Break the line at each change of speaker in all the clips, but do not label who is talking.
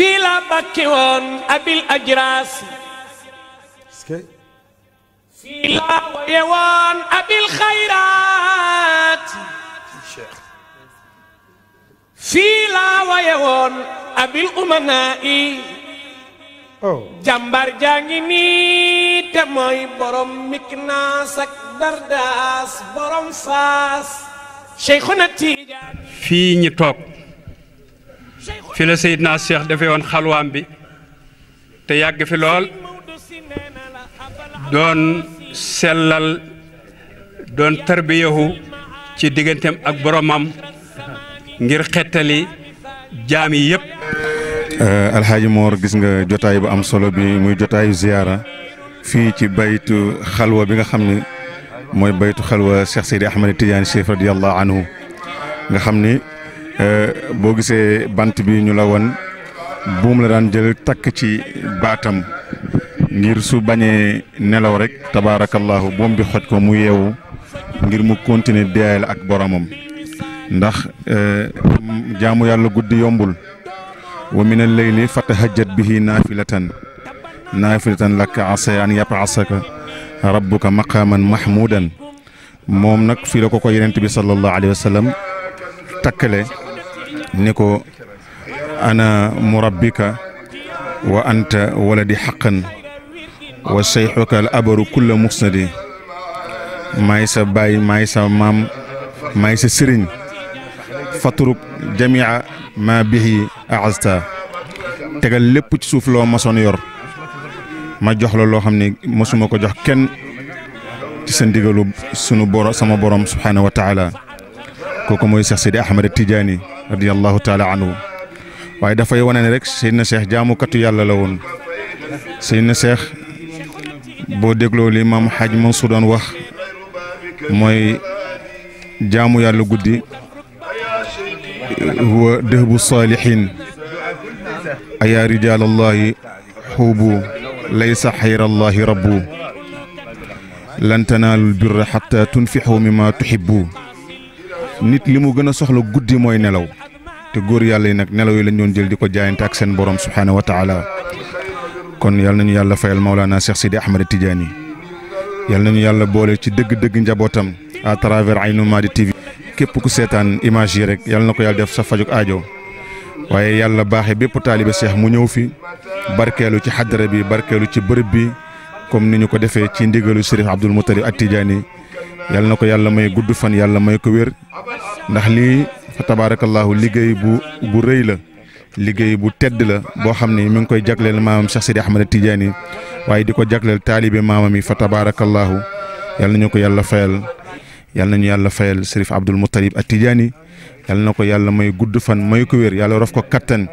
fii laa bàkki woon abil ajraas fii laa waye woon abil xayraat fii laa waye woon abil umanaa'i oh. jàmbar jaa ngi nii te mooy borom Miknaas ak Dardaas borom Faas Cheikhuna
fii ñi toog fi la Seydina Cheikh defee woon xalwaam bi te yàgg fi lool doon sellal doon tarbiyahu ci digganteem ak boromam ngir xettali jaam yi yëpp. Alxaaji Moor gis nga jotaay bu am solo bi muy jotaayu ziyaara fii ci baytu xalwa bi nga xam ne mooy baytu xalwa Cheikh Seydi Ahmed Tidiane Chérif radiyallahu anhu nga xam ni. Euh, boo gisee bant bi ñu la won buum la daan jël takk ci baatam ngir su bañee nelaw rek tabaarakallaahu buum bi xoj ko mu yeewu ngir mu continuer deyaay la ak boromam ndax euh, jaamu yàlla guddi yombul wa min al leyli bi bihi naafilatan naafilatan laka asa an yabasaka rabbuka maqaaman mahmuudan moom nag fii la ko ko yonent bi sallallahu alayhi wa takkale نيكو انا مربك وانت ولدي حقا وشيخك الابر كل مسند مايسا باي مايسا مام مايسا سرين فاترك جميع ما به اعزتا تقال لب تشوف لو ما سونيور ما جوخ لو لو خامني موسوماكو جوخ كين تي سونو بورو سما بوروم سبحانه وتعالى kooku moy Cheikh Sidi Ahmed Tidiane radiyallahu taala anhu waaye da fay wonane rek Seydina Cheikh jamu katu yàlla la won Seydina Cheikh bo deglo li maam Hadj Mansour doon wax moy jamu yàlla guddi huwa dëhbu saalihin ayaa rijaalallahi xuubu laysa xayraallahi rabbu لن تنالوا البر حتى تنفحوا مما tuhibbu nit li mu gën a soxla guddi mooy nelaw te góor yàlla yi nag nelaw yi lañ doon jël di ko jaayante ak seen borom subhaanahu wa taala kon yal nañu yàlla fayal Maulana Cheikh Sidi Ahmed Tidiane yal nañu yàlla boole ci dëgg-dëgg njabootam à travers Aïnou Mady TV. képp ku seetaan image yi rek yal na ko yàlla def sa fajuk aajo waaye yàlla baaxee bépp taalibe Cheikh mu ñëw fi barkeelu ci xadara bi barkeelu ci bërëb bi comme ni ñu ko defee ci ndigalu Chérif Abdoul Moutalib at Tidiane yal na ko yàlla may gudd fan yàlla may ko wér ndax lii fa tabaarakallaahu liggéey bu bu rëy la liggéey bu tedd la boo xam ne mu ngi koy jagleel maamam Cheikh Sidi Ahmad Tidiane waaye di ko jagleel taalibe maamam yi fa tabaarakallaahu yal nañu ko yàlla fayal yal nañu yàlla fayal Serif Abdul Muttalib at Tidiane yal na ko yàlla may gudd fan may ko wér yàlla rof ko kattan.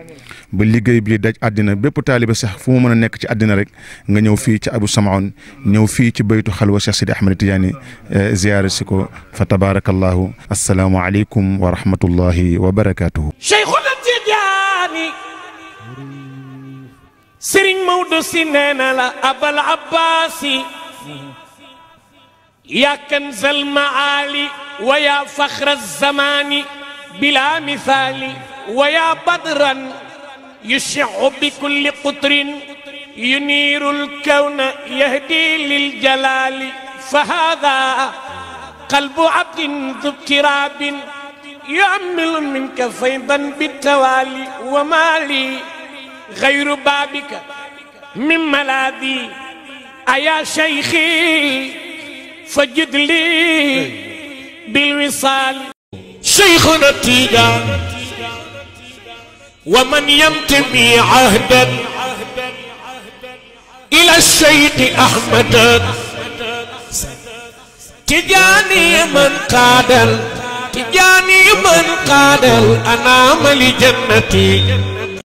ba liggey bi daj adina bépp taaliba sax fu mu meuna nek ci adina rek nga ñëw fi ci Abu Samaon ñëw fi ci beytu khalwa Cheikh Sidi Ahmed Tidiane ziyaare si ko fa tabarakallah assalamu alaykum wa rahmatullahi wa barakatuh Cheikhul
Tidiane Serigne Maodo si la Abal abbasi يا كنز المعالي ويا فخر الزمان بلا مثال ويا بدرا يشع بكل قطر ينير الكون يهدي للجلال فهذا قلب عبد ذو اضطراب يؤمل منك فيضا بالتوالي وما لي غير بابك من ملاذي أيا شيخي فجد لي بالوصال شيخنا التيجان ومن ينتمي عهدا إلى الشيخ أحمد تجاني من قادل تجاني من قادل أنام لجنتي